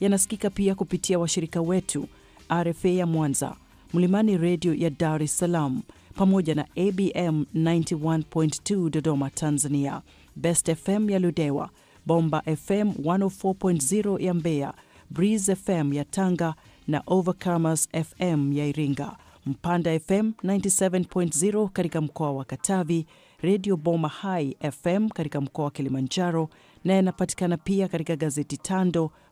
yanasikika pia kupitia washirika wetu RFA ya Mwanza, Mlimani Redio ya Dar es Salaam, pamoja na ABM 91.2 Dodoma Tanzania, Best FM ya Ludewa, Bomba FM 104.0 ya Mbeya, Breeze FM ya Tanga na Overcomers FM ya Iringa, Mpanda FM 97.0 katika mkoa wa Katavi, Redio Boma High FM katika mkoa wa Kilimanjaro na yanapatikana pia katika gazeti Tando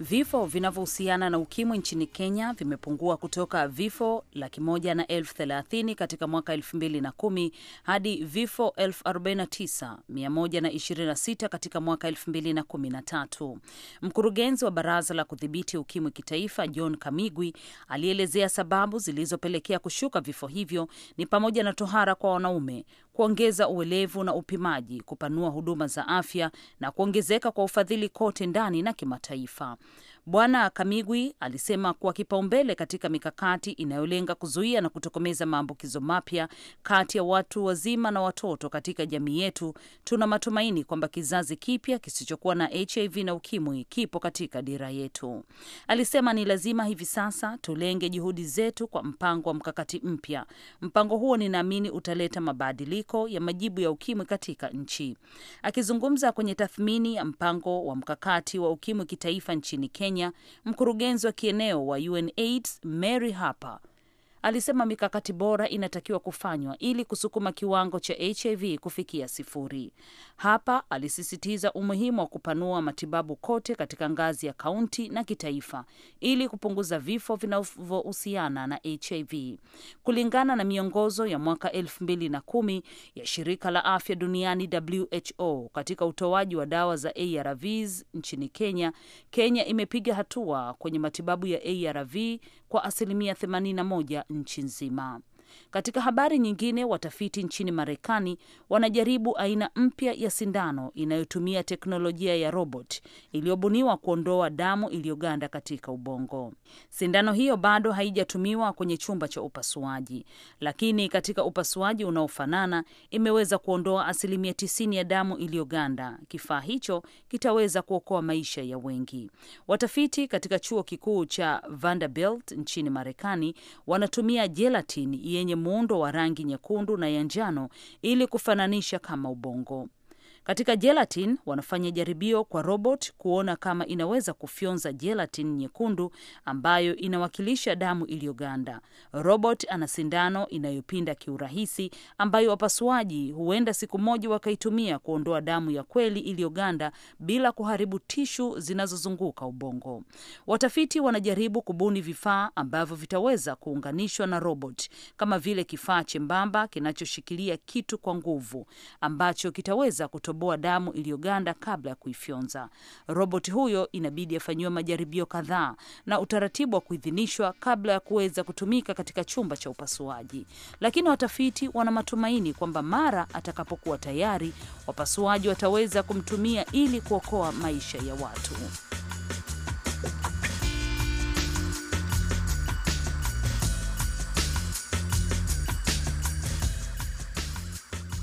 Vifo vinavyohusiana na ukimwi nchini Kenya vimepungua kutoka vifo laki moja na elfu thelathini katika mwaka elfu mbili na kumi hadi vifo elfu arobaini na tisa mia moja na ishirini na sita katika mwaka elfu mbili na kumi na tatu. Mkurugenzi wa Baraza la Kudhibiti Ukimwi Kitaifa John Kamigwi alielezea sababu zilizopelekea kushuka vifo hivyo ni pamoja na tohara kwa wanaume, kuongeza uelevu na upimaji, kupanua huduma za afya na kuongezeka kwa ufadhili kote ndani na kimataifa. Bwana Kamigwi alisema kuwa kipaumbele katika mikakati inayolenga kuzuia na kutokomeza maambukizo mapya kati ya watu wazima na watoto katika jamii yetu, tuna matumaini kwamba kizazi kipya kisichokuwa na HIV na ukimwi kipo katika dira yetu. Alisema ni lazima hivi sasa tulenge juhudi zetu kwa mpango wa mkakati mpya. Mpango huo ninaamini utaleta mabadiliko ya majibu ya ukimwi katika nchi. Akizungumza kwenye tathmini ya mpango wa mkakati wa ukimwi kitaifa nchini Kenya, Kenya, mkurugenzi wa kieneo wa UNAIDS Mary Harper alisema mikakati bora inatakiwa kufanywa ili kusukuma kiwango cha HIV kufikia sifuri. Hapa alisisitiza umuhimu wa kupanua matibabu kote katika ngazi ya kaunti na kitaifa ili kupunguza vifo vinavyohusiana na HIV. Kulingana na miongozo ya mwaka elfu mbili na kumi ya shirika la afya duniani WHO katika utoaji wa dawa za ARVs nchini Kenya, Kenya imepiga hatua kwenye matibabu ya ARV kwa asilimia 81 nchi nzima. Katika habari nyingine, watafiti nchini Marekani wanajaribu aina mpya ya sindano inayotumia teknolojia ya robot iliyobuniwa kuondoa damu iliyoganda katika ubongo. Sindano hiyo bado haijatumiwa kwenye chumba cha upasuaji, lakini katika upasuaji unaofanana imeweza kuondoa asilimia tisini ya damu iliyoganda. Kifaa hicho kitaweza kuokoa maisha ya wengi. Watafiti katika chuo kikuu cha Vanderbilt nchini Marekani wanatumia jelatin e yenye muundo wa rangi nyekundu na ya njano ili kufananisha kama ubongo. Katika gelatin wanafanya jaribio kwa robot kuona kama inaweza kufyonza gelatin nyekundu ambayo inawakilisha damu iliyoganda. Robot ana sindano inayopinda kiurahisi ambayo wapasuaji huenda siku moja wakaitumia kuondoa damu ya kweli iliyoganda bila kuharibu tishu zinazozunguka ubongo. Watafiti wanajaribu kubuni vifaa ambavyo vitaweza kuunganishwa na robot kama vile kifaa chembamba kinachoshikilia kitu kwa nguvu ambacho kitaweza kutoboa kutoboa damu iliyoganda kabla ya kuifyonza. Roboti huyo inabidi afanyiwe majaribio kadhaa na utaratibu wa kuidhinishwa kabla ya kuweza kutumika katika chumba cha upasuaji, lakini watafiti wana matumaini kwamba mara atakapokuwa tayari, wapasuaji wataweza kumtumia ili kuokoa maisha ya watu.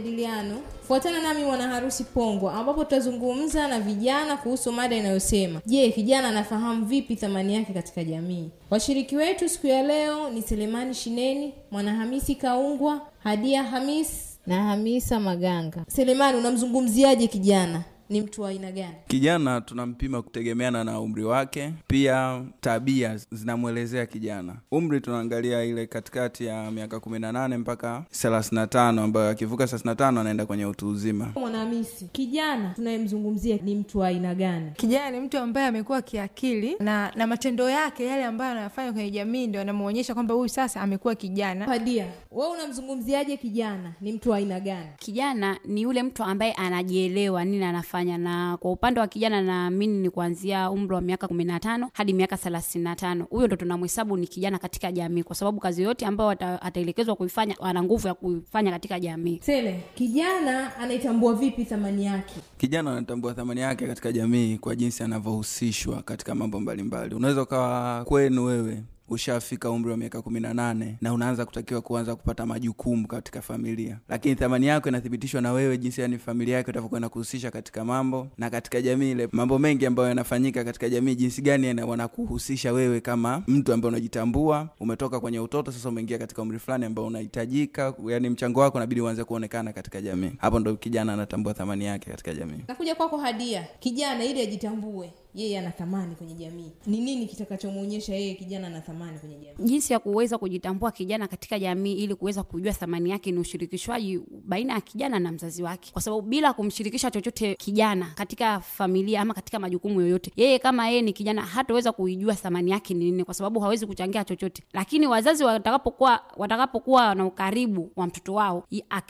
majadiliano, fuatana nami harusi Pongwa, ambapo tutazungumza na vijana kuhusu mada inayosema je, kijana anafahamu vipi thamani yake katika jamii? Washiriki wetu siku ya leo ni Selemani Shineni, Mwanahamisi Kaungwa, Hadia Hamis na Hamisa Maganga. Selemani, unamzungumziaje kijana? ni mtu wa aina gani? Kijana tunampima kutegemeana na umri wake, pia tabia zinamwelezea kijana. Umri tunaangalia ile katikati ya miaka kumi na nane mpaka thelathi na tano ambayo akivuka thelathi na tano anaenda kwenye utu uzima. Mwanahamisi, kijana tunayemzungumzia ni mtu wa aina gani? Kijana ni mtu ambaye amekuwa kiakili na na matendo yake yale ambayo anayafanya kwenye jamii ndio anamwonyesha kwamba huyu sasa amekuwa kijana. Padia, we unamzungumziaje kijana? Ni mtu wa aina gani? Kijana ni yule mtu ambaye anajielewa nini anafanya kufanya. Na kwa upande wa kijana, naamini ni kuanzia umri wa miaka kumi na tano hadi miaka thelathini na tano huyo ndo tunamhesabu ni kijana katika jamii, kwa sababu kazi yote ambayo ataelekezwa kuifanya ana nguvu ya kuifanya katika jamii. sele kijana anaitambua vipi thamani yake? Kijana anatambua thamani yake katika jamii kwa jinsi anavyohusishwa katika mambo mbalimbali. Unaweza ukawa kwenu wewe ushafika umri wa miaka kumi na nane na unaanza kutakiwa kuanza kupata majukumu katika familia, lakini thamani yako inathibitishwa na wewe jinsi yani familia yako itavyokuwa inakuhusisha katika mambo na katika jamii ile, mambo mengi ambayo yanafanyika katika jamii, jinsi gani wanakuhusisha wewe kama mtu ambaye unajitambua, umetoka kwenye utoto, sasa umeingia katika umri fulani ambao unahitajika, yani mchango wako nabidi uanze kuonekana katika jamii. Hapo ndo kijana anatambua thamani yake katika jamii. Nakuja kwako Hadia, kijana ili ajitambue yeye ana thamani kwenye jamii. Ni nini kitakachomwonyesha yeye kijana ana thamani kwenye jamii? Jinsi ya kuweza kujitambua kijana katika jamii ili kuweza kujua thamani yake ni ushirikishwaji baina ya kijana na mzazi wake, kwa sababu bila kumshirikisha chochote kijana katika familia ama katika majukumu yoyote, yeye kama yeye ni kijana hataweza kuijua thamani yake ni nini, kwa sababu hawezi kuchangia chochote. Lakini wazazi watakapokuwa watakapokuwa na ukaribu wa mtoto wao,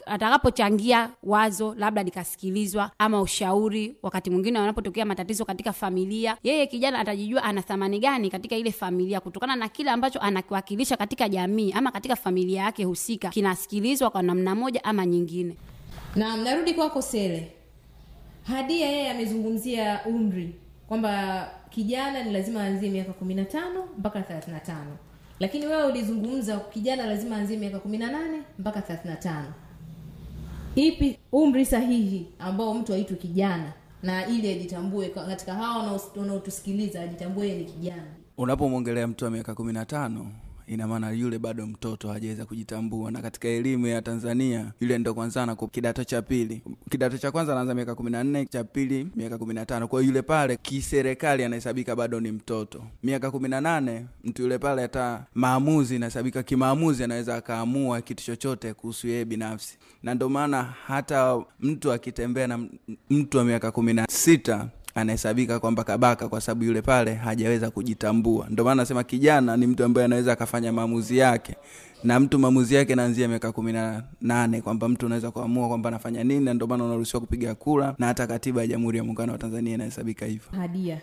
atakapochangia wazo labda likasikilizwa ama ushauri, wakati mwingine wanapotokea matatizo katika familia familia, yeye kijana atajijua ana thamani gani katika ile familia kutokana na kile ambacho anakiwakilisha katika jamii ama katika familia yake husika, kinasikilizwa kwa namna moja ama nyingine. Na narudi kwako Sele, Hadia yeye amezungumzia umri kwamba kijana ni lazima aanzie miaka kumi na tano mpaka thelathini tano lakini wewe ulizungumza kijana lazima aanzie miaka kumi na nane mpaka thelathini tano Ipi umri sahihi ambao mtu aitwe kijana na ili ajitambue katika hawa wanaotusikiliza, ajitambue ni kijana. Unapomwongelea mtu wa miaka kumi na tano ina maana yule bado mtoto hajaweza kujitambua, na katika elimu ya Tanzania yule ndo kwanza na kidato cha pili. Kidato cha kwanza anaanza miaka kumi na nne cha pili miaka kumi na tano Kwa hiyo yule pale kiserikali anahesabika bado ni mtoto. Miaka kumi na nane mtu yule pale hata maamuzi inahesabika kimaamuzi, anaweza akaamua kitu chochote kuhusu yeye binafsi, na ndio maana hata mtu akitembea na mtu wa miaka kumi na sita anahesabika kwamba kabaka kwa sababu yule pale hajaweza kujitambua ndio maana nasema kijana ni mtu ambaye anaweza akafanya maamuzi yake na mtu maamuzi yake naanzia miaka kumi na nane kwamba mtu unaweza kuamua kwamba anafanya nini na ndio maana unaruhusiwa kupiga kura na hata katiba ya jamhuri ya muungano wa tanzania inahesabika hivyo hadia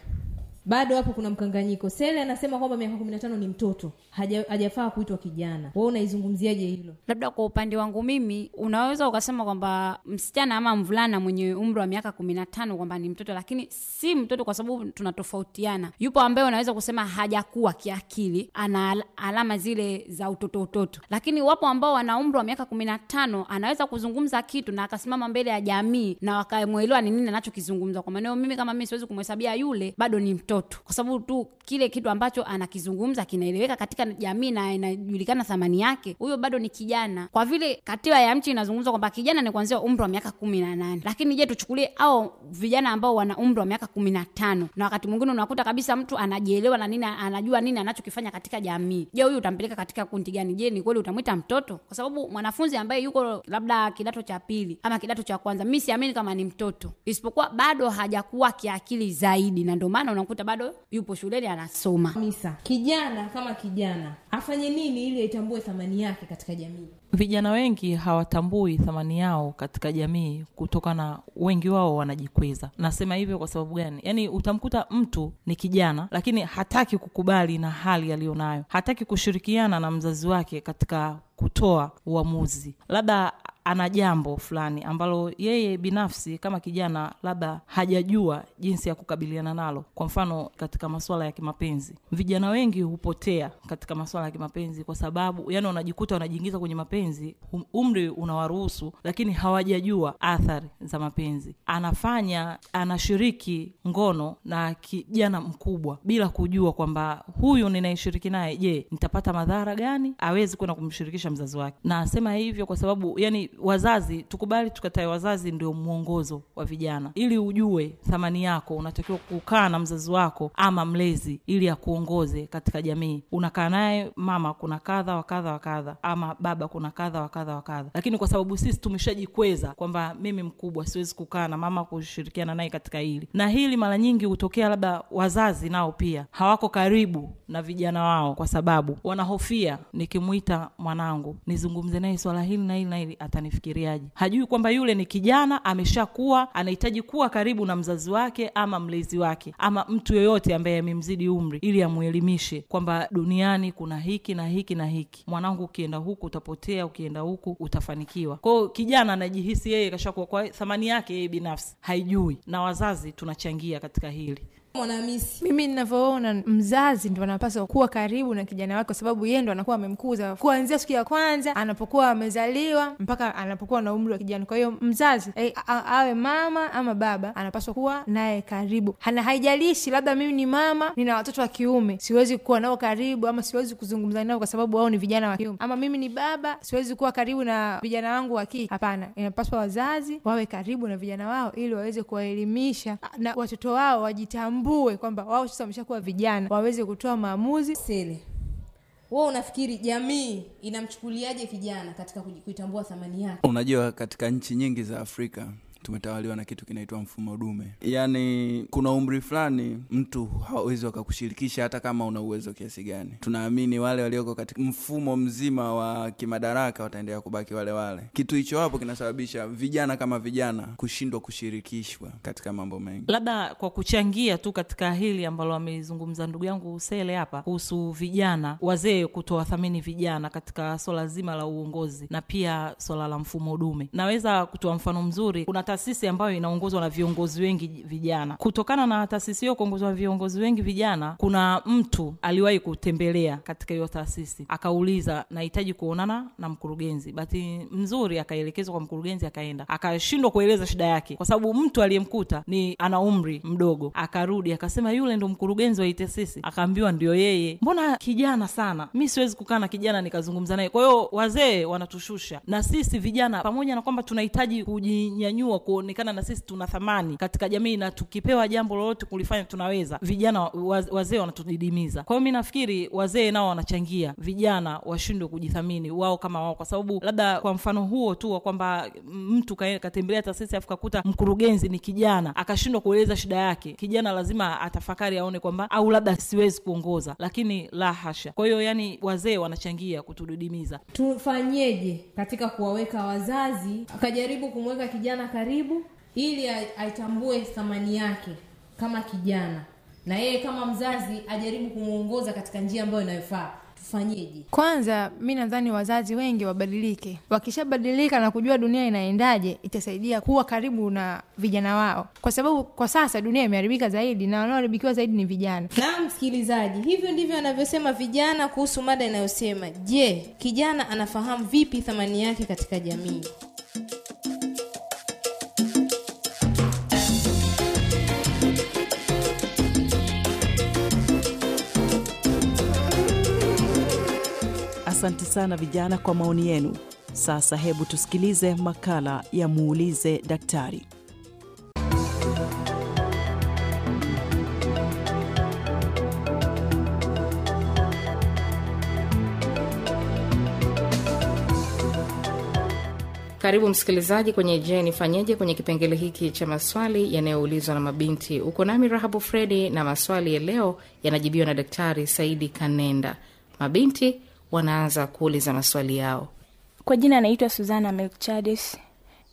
bado hapo kuna mkanganyiko. Sele anasema kwamba miaka kumi na tano ni mtoto, haja, hajafaa kuitwa kijana. Wewe unaizungumziaje hilo? Labda kwa upande wangu mimi, unaweza ukasema kwamba msichana ama mvulana mwenye umri wa miaka kumi na tano kwamba ni mtoto, lakini si mtoto kwa sababu tunatofautiana. Yupo ambaye unaweza kusema hajakuwa kiakili, ana alama zile za utoto utoto, lakini wapo ambao wana umri wa miaka kumi na tano anaweza kuzungumza kitu na akasimama mbele ya jamii na wakamwelewa ni nini anachokizungumza. Kwa maneno mimi, kama mimi siwezi kumhesabia yule bado ni mtoto mtoto, kwa sababu tu kile kitu ambacho anakizungumza kinaeleweka katika jamii na inajulikana thamani yake, huyo bado ni kijana. Kwa vile katiba ya mchi inazungumza kwamba kijana ni kuanzia umri wa miaka kumi na nane, lakini je, tuchukulie au vijana ambao wana umri wa miaka kumi na tano, na wakati mwingine unakuta kabisa mtu anajielewa na nini, anajua nini anachokifanya katika jamii. Je, huyu utampeleka katika kundi gani? Je, ni kweli utamwita mtoto? Kwa sababu mwanafunzi ambaye yuko labda kidato cha pili ama kidato cha kwanza, mi siamini kama ni mtoto, isipokuwa bado hajakuwa kiakili zaidi, na ndio maana unakuta bado yupo shuleni anasoma. Misa, kijana kama kijana afanye nini ili aitambue thamani yake katika jamii? Vijana wengi hawatambui thamani yao katika jamii, kutokana wengi wao wanajikweza. Nasema hivyo kwa sababu gani? Yaani utamkuta mtu ni kijana, lakini hataki kukubali na hali aliyonayo, hataki kushirikiana na mzazi wake katika kutoa uamuzi, labda ana jambo fulani ambalo yeye binafsi kama kijana labda hajajua jinsi ya kukabiliana nalo. Kwa mfano, katika masuala ya kimapenzi, vijana wengi hupotea katika masuala ya kimapenzi kwa sababu yani, wanajikuta wanajiingiza kwenye mapenzi, um, umri unawaruhusu, lakini hawajajua athari za mapenzi. Anafanya, anashiriki ngono na kijana mkubwa bila kujua kwamba huyu ninaishiriki naye, je, nitapata madhara gani? Awezi kwenda kumshirikisha kumfundisha mzazi wake. Nasema hivyo kwa sababu yani, wazazi tukubali tukatae, wazazi ndio mwongozo wa vijana. Ili ujue thamani yako, unatakiwa kukaa na mzazi wako ama mlezi ili akuongoze katika jamii. Unakaa naye mama, kuna kadha wa kadha wa kadha, ama baba, kuna kadha wa kadha wa kadha, lakini kwa sababu sisi tumeshajikweza kwamba mimi mkubwa, siwezi kukaa na mama kushirikiana naye katika hili na hili. Mara nyingi hutokea labda wazazi nao pia hawako karibu na vijana wao, kwa sababu wanahofia nikimwita mwanangu wangu nizungumze naye swala hili na hili na hili, atanifikiriaje? Hajui kwamba yule ni kijana ameshakuwa, anahitaji kuwa karibu na mzazi wake ama mlezi wake ama mtu yoyote ambaye amemzidi umri, ili amwelimishe kwamba duniani kuna hiki na hiki na hiki. Mwanangu, ukienda huku utapotea, ukienda huku utafanikiwa. Kwao kijana anajihisi yeye kashakuwa, kwa thamani yake yeye binafsi haijui, na wazazi tunachangia katika hili mwanamisi mimi ninavyoona mzazi ndo anapaswa kuwa karibu na kijana wake kwa sababu yeye ndo anakuwa amemkuza kuanzia siku ya kwanza anapokuwa amezaliwa mpaka anapokuwa na umri wa kijana kwa hiyo mzazi eh, a, awe mama ama baba anapaswa kuwa naye karibu ana haijalishi labda mimi ni mama nina watoto wa kiume siwezi kuwa nao karibu ama siwezi kuzungumza nao kwa sababu wao ni vijana wa kiume ama mimi ni baba siwezi kuwa karibu na vijana wangu wa kike hapana inapaswa wazazi wawe karibu na vijana wao ili waweze kuwaelimisha na watoto wao wajitambue watambue kwamba wao sasa wameshakuwa vijana waweze kutoa maamuzi. Sele, wewe unafikiri jamii inamchukuliaje kijana katika kuitambua thamani yake? Unajua, katika nchi nyingi za Afrika tumetawaliwa na kitu kinaitwa mfumo dume yani kuna umri fulani mtu hawezi wakakushirikisha hata kama una uwezo kiasi gani tunaamini wale walioko katika mfumo mzima wa kimadaraka wataendelea kubaki wale wale kitu hicho hapo kinasababisha vijana kama vijana kushindwa kushirikishwa katika mambo mengi labda kwa kuchangia tu katika hili ambalo wamezungumza ndugu yangu usele hapa kuhusu vijana wazee kutowathamini vijana katika swala zima la uongozi na pia swala la mfumo dume naweza kutoa mfano mzuri kuna taasisi ambayo inaongozwa na viongozi wengi vijana. Kutokana na taasisi hiyo kuongozwa na viongozi wengi vijana, kuna mtu aliwahi kutembelea katika hiyo taasisi akauliza, nahitaji kuonana na mkurugenzi. Bahati mzuri akaelekezwa kwa mkurugenzi, akaenda akashindwa kueleza shida yake, kwa sababu mtu aliyemkuta ni ana umri mdogo. Akarudi akasema, yule ndo mkurugenzi wa taasisi? Akaambiwa ndio yeye. Mbona kijana sana, mi siwezi kukaa na kijana nikazungumza naye. Kwa hiyo wazee wanatushusha na sisi vijana, pamoja na kwamba tunahitaji kujinyanyua wa kuonekana na sisi tuna thamani katika jamii, na tukipewa jambo lolote kulifanya tunaweza. Vijana wazee wanatudidimiza. Kwa hiyo mi nafikiri wazee nao wanachangia vijana washindwe kujithamini wao kama wao, kwa sababu labda kwa mfano huo tu wa kwamba mtu katembelea taasisi afu kakuta mkurugenzi ni kijana akashindwa kueleza shida yake, kijana lazima atafakari aone kwamba au labda siwezi kuongoza, lakini la hasha. Kwa hiyo yani wazee wanachangia kutudidimiza. Tufanyeje katika kuwaweka wazazi akajaribu kumweka kijana kari karibu, ili aitambue thamani yake kama kijana, na yeye kama mzazi ajaribu kumwongoza katika njia ambayo inayofaa. Tufanyeje? Kwanza mi nadhani wazazi wengi wabadilike. Wakishabadilika na kujua dunia inaendaje, itasaidia kuwa karibu na vijana wao, kwa sababu kwa sasa dunia imeharibika zaidi na wanaoharibikiwa zaidi ni vijana. Na msikilizaji, hivyo ndivyo anavyosema vijana kuhusu mada inayosema je, kijana anafahamu vipi thamani yake katika jamii? Asante sana vijana kwa maoni yenu. Sasa hebu tusikilize makala ya muulize daktari. Karibu msikilizaji kwenye Je, nifanyeje, kwenye kipengele hiki cha maswali yanayoulizwa na mabinti. Uko nami Rahabu Fredi, na maswali ya leo yanajibiwa na Daktari Saidi Kanenda. Mabinti wanaanza kuuliza maswali yao. Kwa jina anaitwa Suzana Melchades.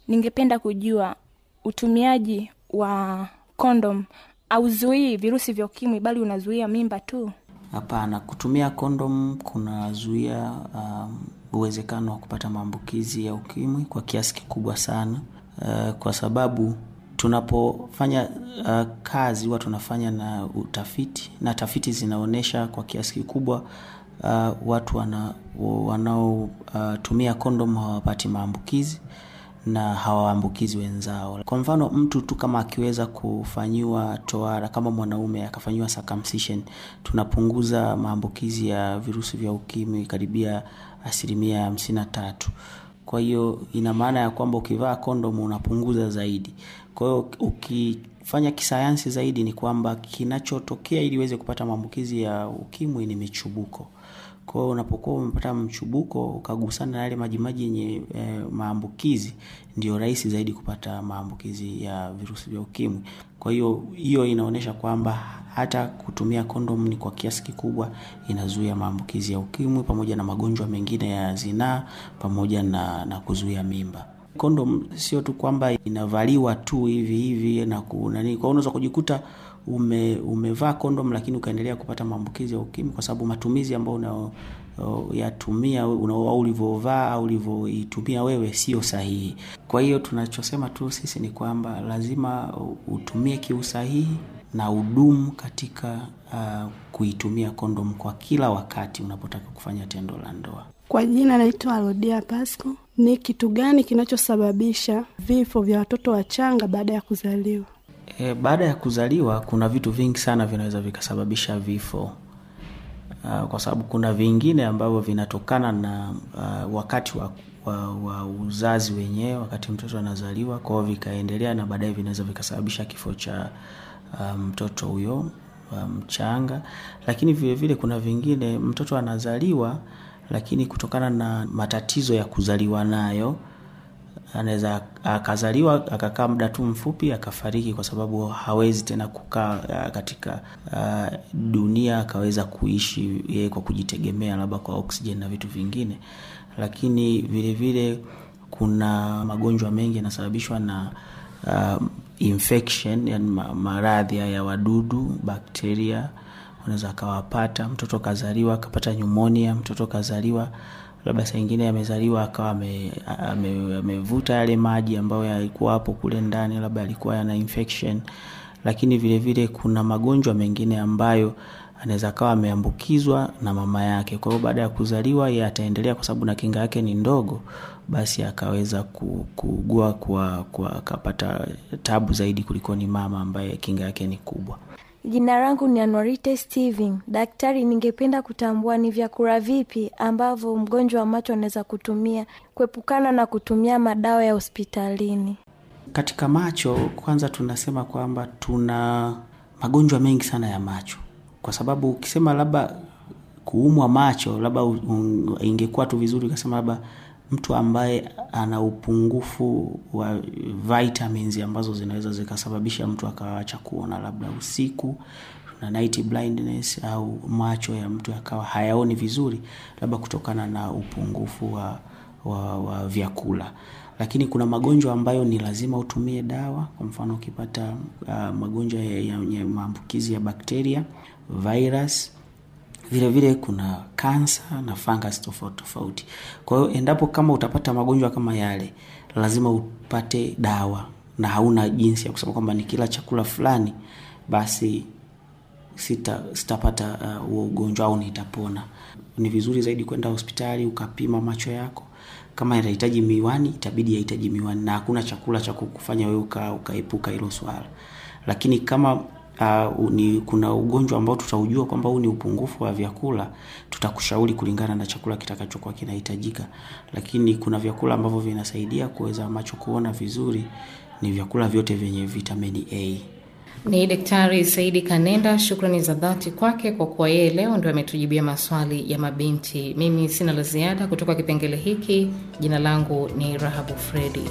Ningependa kujua utumiaji wa kondom auzuii virusi vya ukimwi, bali unazuia mimba tu? Hapana, kutumia kondom kunazuia um, uwezekano wa kupata maambukizi ya ukimwi kwa kiasi kikubwa sana, uh, kwa sababu tunapofanya uh, kazi huwa tunafanya na utafiti na tafiti zinaonyesha kwa kiasi kikubwa uh, watu wana, wanao, uh, kondomu hawapati maambukizi na hawaambukizi wenzao. Kwa mfano mtu tu kama akiweza kufanyiwa toara kama mwanaume akafanyiwa circumcision, tunapunguza maambukizi ya virusi vya ukimwi karibia asilimia hamsini na tatu. Kwa hiyo ina maana ya kwamba ukivaa kondomu unapunguza zaidi. Kwa hiyo ukifanya kisayansi zaidi, ni kwamba kinachotokea ili uweze kupata maambukizi ya ukimwi ni michubuko. Kwa hiyo unapokuwa umepata mchubuko ukagusana na yale majimaji yenye e, maambukizi, ndio rahisi zaidi kupata maambukizi ya virusi vya ukimwi. Kwa hiyo hiyo inaonyesha kwamba hata kutumia kondom ni kwa kiasi kikubwa inazuia maambukizi ya ukimwi pamoja na magonjwa mengine ya zinaa pamoja na, na kuzuia mimba. Kondom sio tu kwamba inavaliwa tu hivi hivi na kunani, kwa unaweza kujikuta ume, umevaa kondom lakini ukaendelea kupata maambukizi ya ukimwi kwa sababu matumizi ambayo unayatumia yatumia au ulivyovaa au ulivyoitumia wewe sio sahihi. Kwa hiyo tunachosema tu sisi ni kwamba lazima utumie kiusahihi na udumu katika uh, kuitumia kondom kwa kila wakati unapotaka kufanya tendo la ndoa. Kwa jina naitwa rodia Pasco. Ni kitu gani kinachosababisha vifo vya watoto wachanga baada ya kuzaliwa? E, baada ya kuzaliwa kuna vitu vingi sana vinaweza vikasababisha vifo uh, kwa sababu kuna vingine ambavyo vinatokana na uh, wakati wa, wa, wa uzazi wenyewe, wakati mtoto anazaliwa, kwao vikaendelea na baadaye vinaweza vikasababisha kifo cha ah, mtoto um, huyo mchanga lakini vilevile vile kuna vingine mtoto anazaliwa, lakini kutokana na matatizo ya kuzaliwa nayo anaweza akazaliwa akakaa muda tu mfupi akafariki, kwa sababu hawezi tena kukaa uh, katika a, uh, dunia akaweza kuishi yeye eh, kwa kujitegemea, labda kwa oksijeni na vitu vingine. Lakini vilevile vile kuna magonjwa mengi yanasababishwa na uh, infection, yani maradhi ya wadudu, bakteria unaweza akawapata mtoto kazaliwa akapata nyumonia, mtoto kazaliwa labda saa ingine amezaliwa akawa amevuta ame, yale maji ambayo yalikuwa hapo kule ndani, labda yalikuwa yana infection. Lakini vilevile vile kuna magonjwa mengine ambayo anaweza akawa ameambukizwa na mama yake. Kwa hiyo baada ya kuzaliwa yeye ataendelea, kwa sababu na kinga yake ni ndogo, basi akaweza kuugua kwa, kwa akapata tabu zaidi kuliko ni mama ambaye kinga yake ni kubwa. Jina langu ni anwarite Steven. Daktari, ningependa kutambua ni vyakura vipi ambavyo mgonjwa wa macho anaweza kutumia kuepukana na kutumia madawa ya hospitalini? Katika macho, kwanza tunasema kwamba tuna magonjwa mengi sana ya macho, kwa sababu ukisema labda kuumwa macho, labda ingekuwa tu vizuri ukasema labda mtu ambaye ana upungufu wa vitamins ambazo zinaweza zikasababisha mtu akawacha kuona labda usiku na night blindness au macho ya mtu akawa hayaoni vizuri labda kutokana na upungufu wa, wa, wa vyakula lakini kuna magonjwa ambayo ni lazima utumie dawa kwa mfano ukipata uh, magonjwa ya, ya, ya maambukizi ya bakteria virus vile vile kuna kansa na fungus tofauti tofauti. Kwa hiyo endapo kama utapata magonjwa kama yale, lazima upate dawa na hauna jinsi ya kusema kwamba ni kila chakula fulani basi sita sitapata uh, huo uh, ugonjwa au nitapona. Ni vizuri zaidi kwenda hospitali ukapima macho yako. Kama yanahitaji miwani, itabidi yahitaji miwani, na hakuna chakula cha kukufanya wewe uka ukaepuka hilo swala, lakini kama uh, ni kuna ugonjwa ambao tutaujua kwamba huu ni upungufu wa vyakula, tutakushauri kulingana na chakula kitakachokuwa kinahitajika. Lakini kuna vyakula ambavyo vinasaidia kuweza macho kuona vizuri, ni vyakula vyote vyenye vitamini A. Ni Daktari Saidi Kanenda, shukrani za dhati kwake kwa kuwa yeye leo ndio ametujibia maswali ya mabinti. Mimi sina la ziada kutoka kipengele hiki. Jina langu ni Rahabu Fredi.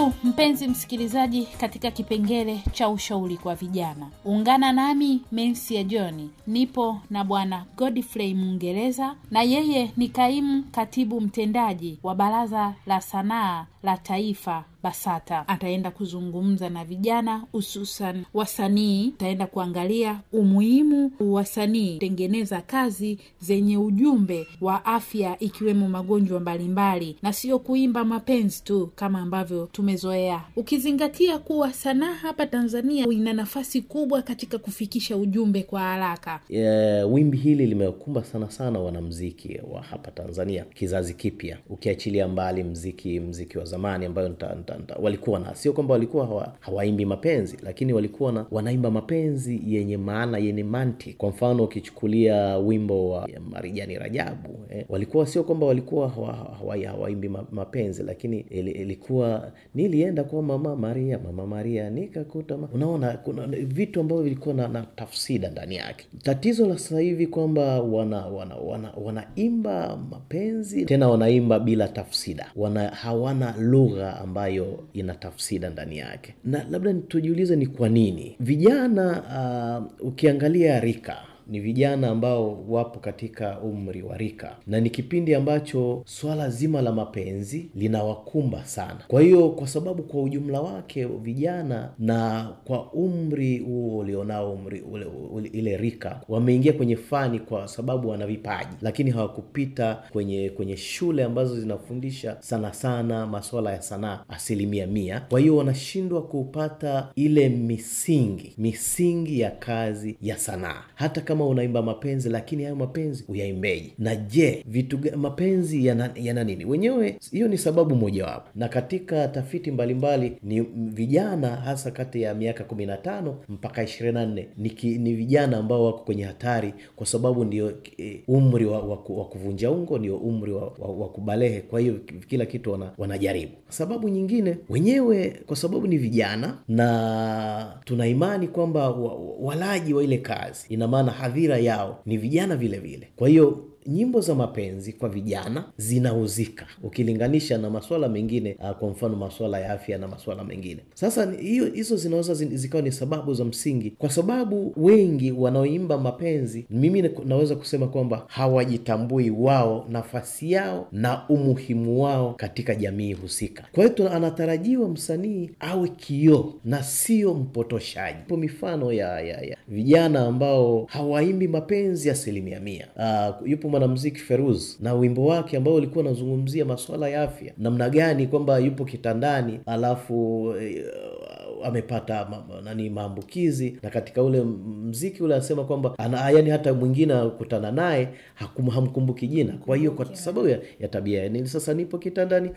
Mpenzi msikilizaji, katika kipengele cha ushauri kwa vijana, ungana nami Mensia John, nipo na Bwana Godfrey Mwingereza, na yeye ni kaimu katibu mtendaji wa Baraza la Sanaa la Taifa BASATA. Ataenda kuzungumza na vijana, hususan wasanii. Ataenda kuangalia umuhimu wasanii tengeneza kazi zenye ujumbe wa afya, ikiwemo magonjwa mbalimbali, na sio kuimba mapenzi tu kama ambavyo tumezoea, ukizingatia kuwa sanaa hapa Tanzania ina nafasi kubwa katika kufikisha ujumbe kwa haraka. E, wimbi hili limekumba sana sana wanamziki wa hapa Tanzania, kizazi kipya, ukiachilia mbali mziki mziki wa zamani ambayo nita, nita mtandao, walikuwa na sio kwamba walikuwa hawa, hawaimbi mapenzi, lakini walikuwa na wanaimba mapenzi yenye maana, yenye manti Kwa mfano ukichukulia wimbo wa Marijani Rajabu eh, walikuwa sio kwamba walikuwa hawaimbi hawa, hawa mapenzi, lakini ilikuwa nilienda kwa mama Maria, mama Maria nikakuta ma... unaona, kuna vitu ambavyo vilikuwa na, na tafsida ndani yake. Tatizo la sasa hivi kwamba wana wanaimba wana, wana mapenzi tena wanaimba bila tafsida, wana, hawana lugha ambayo ambayo ina tafsida ndani yake, na labda tujiulize ni kwa nini vijana uh, ukiangalia rika ni vijana ambao wapo katika umri wa rika, na ni kipindi ambacho swala zima la mapenzi linawakumba sana. Kwa hiyo, kwa sababu kwa ujumla wake vijana na kwa umri huo ulionao, umri ule, ule, ile rika, wameingia kwenye fani kwa sababu wana vipaji, lakini hawakupita kwenye kwenye shule ambazo zinafundisha sana sana masuala ya sanaa asilimia mia. Kwa hiyo wanashindwa kupata ile misingi misingi ya kazi ya sanaa hata kama kama unaimba mapenzi, lakini hayo mapenzi uyaimbeji Na je, vitu mapenzi yana yana nini wenyewe? Hiyo ni sababu mojawapo, na katika tafiti mbalimbali mbali, ni vijana hasa kati ya miaka kumi na tano mpaka 24 ni, ni vijana ambao wako kwenye hatari, kwa sababu ndio e, umri wa, wa, wa kuvunja ungo, ndio umri wa, wa, wa kubalehe. Kwa hiyo kila kitu wana, wanajaribu. Sababu nyingine wenyewe, kwa sababu ni vijana na tuna imani kwamba walaji wa ile kazi, ina maana hadhira yao ni vijana vile vile. Kwa hiyo nyimbo za mapenzi kwa vijana zinauzika ukilinganisha na maswala mengine uh, kwa mfano maswala ya afya na maswala mengine. Sasa hiyo hizo zinaweza zikawa ni sababu za msingi, kwa sababu wengi wanaoimba mapenzi, mimi naweza kusema kwamba hawajitambui wao nafasi yao na umuhimu wao katika jamii husika. Kwa hiyo anatarajiwa msanii awe kioo na sio mpotoshaji. Po mifano ya, ya, ya vijana ambao hawaimbi mapenzi asilimia mia. Uh, yupo mwanamuziki Feruz na wimbo wake ambao ulikuwa unazungumzia masuala ya afya, namna gani kwamba yupo kitandani alafu uh, amepata nani maambukizi, na katika ule mziki ule anasema kwamba yani hata mwingine akutana naye hamkumbuki jina. Kwa hiyo kwa sababu ya, ya tabia yani, sasa nipo kitandani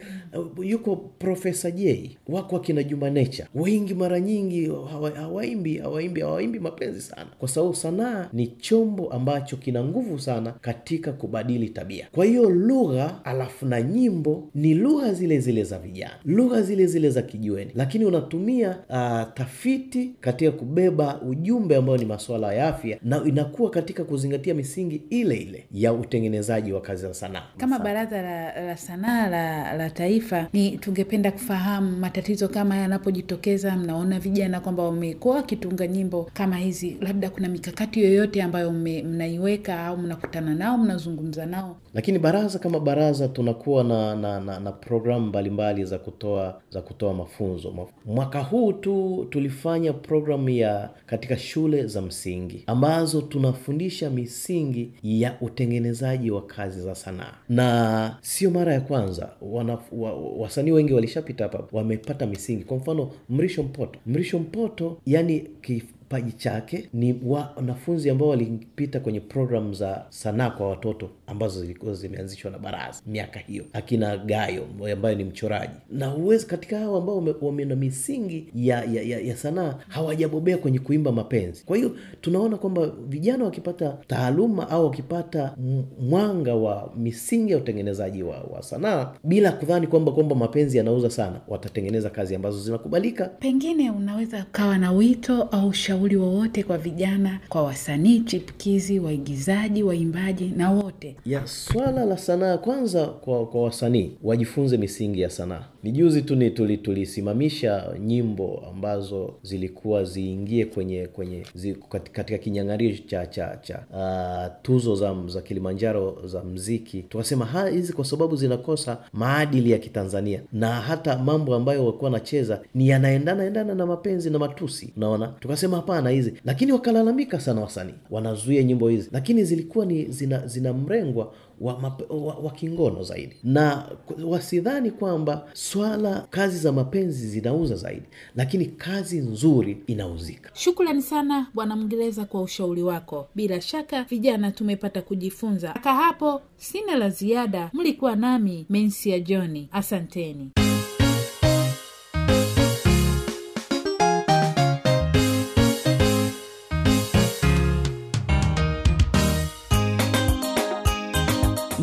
uh, yuko Profesa J, wako akina Juma Nature, wengi mara nyingi hawaimbi hawaimbi hawaimbi mapenzi sana, kwa sababu sanaa ni chombo ambacho kina nguvu sana katika kubadili tabia. Kwa hiyo lugha, alafu na nyimbo ni lugha zile zile za vijana, lugha zile zile za kijiweni, lakini unatumia uh, tafiti katika kubeba ujumbe ambao ni masuala ya afya na inakuwa katika kuzingatia misingi ile ile ya utengenezaji wa kazi za sanaa. Kama Baraza la, la Sanaa la, la Taifa, ni tungependa kufahamu matatizo kama yanapojitokeza, mnaona vijana kwamba wamekuwa wakitunga nyimbo kama hizi, labda kuna mikakati yoyote ambayo mnaiweka au mnakutana nao, mnazungumza nao? Lakini baraza kama baraza tunakuwa na, na, na, na programu mbalimbali za kutoa za kutoa mafunzo mwaka huu tu tulifanya programu ya katika shule za msingi ambazo tunafundisha misingi ya utengenezaji wa kazi za sanaa, na sio mara ya kwanza. wa, wasanii wengi walishapita hapa, wamepata misingi. Kwa mfano Mrisho Mpoto, Mrisho Mpoto yani kif, kipaji chake ni wanafunzi ambao walipita kwenye programu za sanaa kwa watoto ambazo zilikuwa zimeanzishwa na baraza miaka hiyo, akina Gayo ambayo ni mchoraji, na uwezi katika hao ambao wame na misingi ya, ya, ya, ya sanaa hawajabobea kwenye kuimba mapenzi. Kwa hiyo tunaona kwamba vijana wakipata taaluma au wakipata mwanga wa misingi ya utengenezaji wa, wa sanaa bila kudhani kwamba kwamba mapenzi yanauza sana, watatengeneza kazi ambazo zinakubalika. Pengine unaweza ukawa na wito au ushauri ushauri wowote kwa vijana, kwa wasanii chipukizi, waigizaji, waimbaji na wote? Ya swala la sanaa, kwanza kwa, kwa wasanii wajifunze misingi ya sanaa ni juzi tu tulisimamisha nyimbo ambazo zilikuwa ziingie kwenye kwenye zi, katika kinyang'ario cha cha cha uh, tuzo za, za Kilimanjaro za mziki, tukasema hizi kwa sababu zinakosa maadili ya Kitanzania na hata mambo ambayo walikuwa wanacheza ni yanaendana endana na mapenzi na matusi, unaona. Tukasema hapana hizi, lakini wakalalamika sana wasanii, wanazuia nyimbo hizi, lakini zilikuwa ni zina, zina mrengwa wa, mape, wa, wa kingono zaidi, na wasidhani kwamba swala kazi za mapenzi zinauza zaidi, lakini kazi nzuri inauzika. Shukrani sana Bwana mgereza kwa ushauri wako. Bila shaka vijana tumepata kujifunza. Mpaka hapo sina la ziada, mlikuwa nami Mensia Johni, asanteni.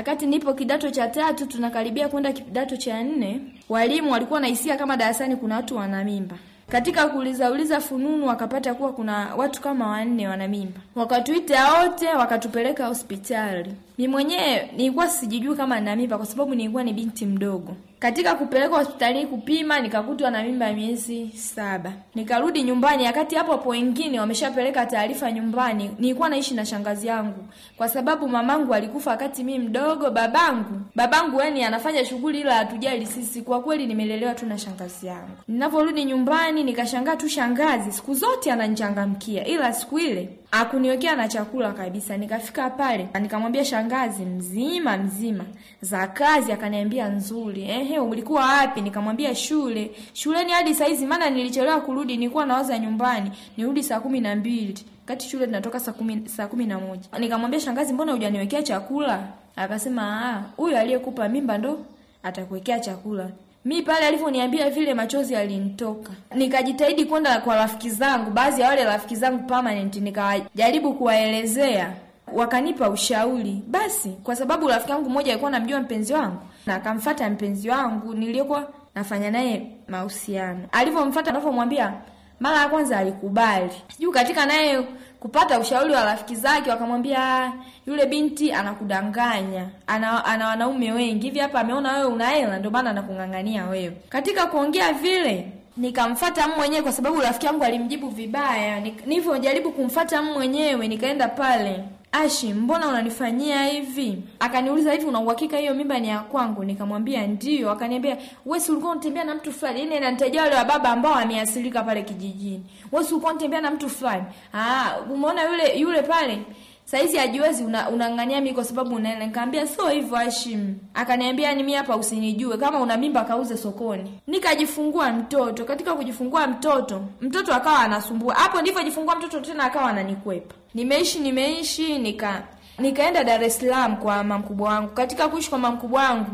Wakati nipo kidato cha tatu tunakaribia kwenda kidato cha nne, walimu walikuwa na hisia kama darasani kuna watu wana mimba. Katika kuulizauliza fununu wakapata kuwa kuna watu kama wanne wana mimba. Wakatuita wote, wakatupeleka hospitali. Ni mwenyewe nilikuwa sijijui kama nina mimba kwa sababu nilikuwa ni binti mdogo. Katika kupelekwa hospitalini kupima nikakutwa na mimba ya miezi saba. Nikarudi nyumbani, wakati hapo hapo wengine wameshapeleka taarifa nyumbani. Nilikuwa naishi na shangazi yangu kwa sababu mamangu alikufa wakati mimi mdogo. Babangu babangu yani anafanya shughuli, ila hatujali sisi. Kwa kweli nimelelewa tu na shangazi yangu. Ninaporudi nyumbani, nikashangaa tu shangazi siku zote ananichangamkia, ila siku ile akuniwekea na chakula kabisa. Nikafika pale nikamwambia shangazi mzima mzima za kazi, akaniambia nzuri. Ehe, ulikuwa wapi? Nikamwambia shule, shuleni hadi saizi, maana nilichelewa kurudi, nilikuwa nawaza nyumbani nirudi saa kumi na mbili kati shule tunatoka saa kumi, saa kumi na moja. Nikamwambia shangazi, mbona hujaniwekea chakula? Akasema huyu aliyekupa mimba ndo atakuwekea chakula. Mi pale alivyoniambia vile machozi yalinitoka, nikajitahidi kwenda kwa rafiki zangu, baadhi ya wale rafiki zangu permanent, nikajaribu kuwaelezea, wakanipa ushauri. Basi kwa sababu rafiki yangu mmoja alikuwa anamjua mpenzi wangu na akamfata mpenzi wangu niliyokuwa nafanya naye mahusiano, alivyomfata, anavyomwambia mara ya kwanza alikubali, sijui katika naye kupata ushauri wa rafiki zake, wakamwambia yule binti anakudanganya, ana, ana wanaume wengi hivi, hapa ameona wewe una hela, ndio maana anakung'ang'ania wewe. Katika kuongea vile nikamfata mu mwenyewe kwa sababu rafiki yangu alimjibu vibaya, nilivyojaribu kumfata mu mwenyewe nikaenda pale Ashi, mbona unanifanyia hivi? Akaniuliza, hivi una uhakika hiyo mimba ni ya kwangu? Nikamwambia ndiyo. Akaniambia, wewe si ulikuwa unatembea na mtu fulani? Yaani ananitajia wale wababa ambao wameasilika pale kijijini. Wewe si ulikuwa unatembea na mtu fulani? Ah, umeona yule yule pale saizi ajiwezi unang'ang'ania una mimi kwa sababu unaenda. Nikamwambia sio hivyo Hashim, akaniambia ni mimi hapa usinijue, kama una mimba kauze sokoni. Nikajifungua mtoto, katika kujifungua mtoto mtoto akawa anasumbua, hapo ndivyo jifungua mtoto tena akawa ananikwepa. Nimeishi nimeishi nika nikaenda Dar es Salaam kwa mamkubwa wangu. Katika kuishi kwa mamkubwa wangu,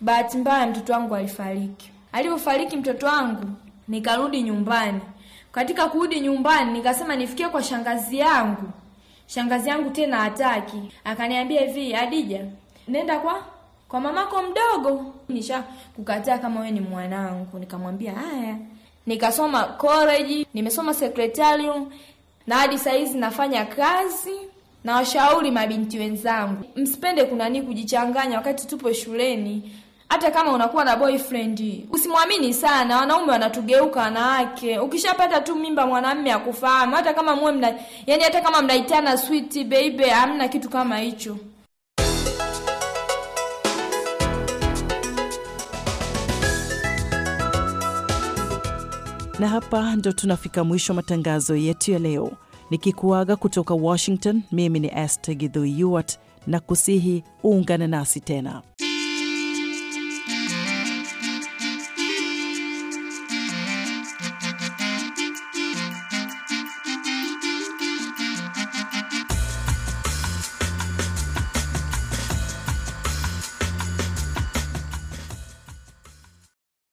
bahati mbaya mtoto wangu alifariki. Alipofariki mtoto wangu, nikarudi nyumbani. Katika kurudi nyumbani, nikasema nifikie kwa shangazi yangu Shangazi yangu tena hataki, akaniambia hivi, Adija, nenda kwa kwa mamako mdogo, nisha kukataa kama wewe ni mwanangu. Nikamwambia haya, nikasoma college, nimesoma secretarium na hadi saizi nafanya kazi na washauri mabinti wenzangu, msipende kunani kujichanganya wakati tupo shuleni. Hata kama unakuwa na boyfriend, usimwamini sana. Wanaume wanatugeuka wanawake. Ukishapata tu mimba mwanamume akufahamu, hata kama muwe mna, yani hata kama mnaitana sweet baby, hamna kitu kama hicho. Na hapa ndo tunafika mwisho matangazo yetu ya leo, nikikuaga kutoka Washington. Mimi ni este gidhuiuat na kusihi uungane nasi tena.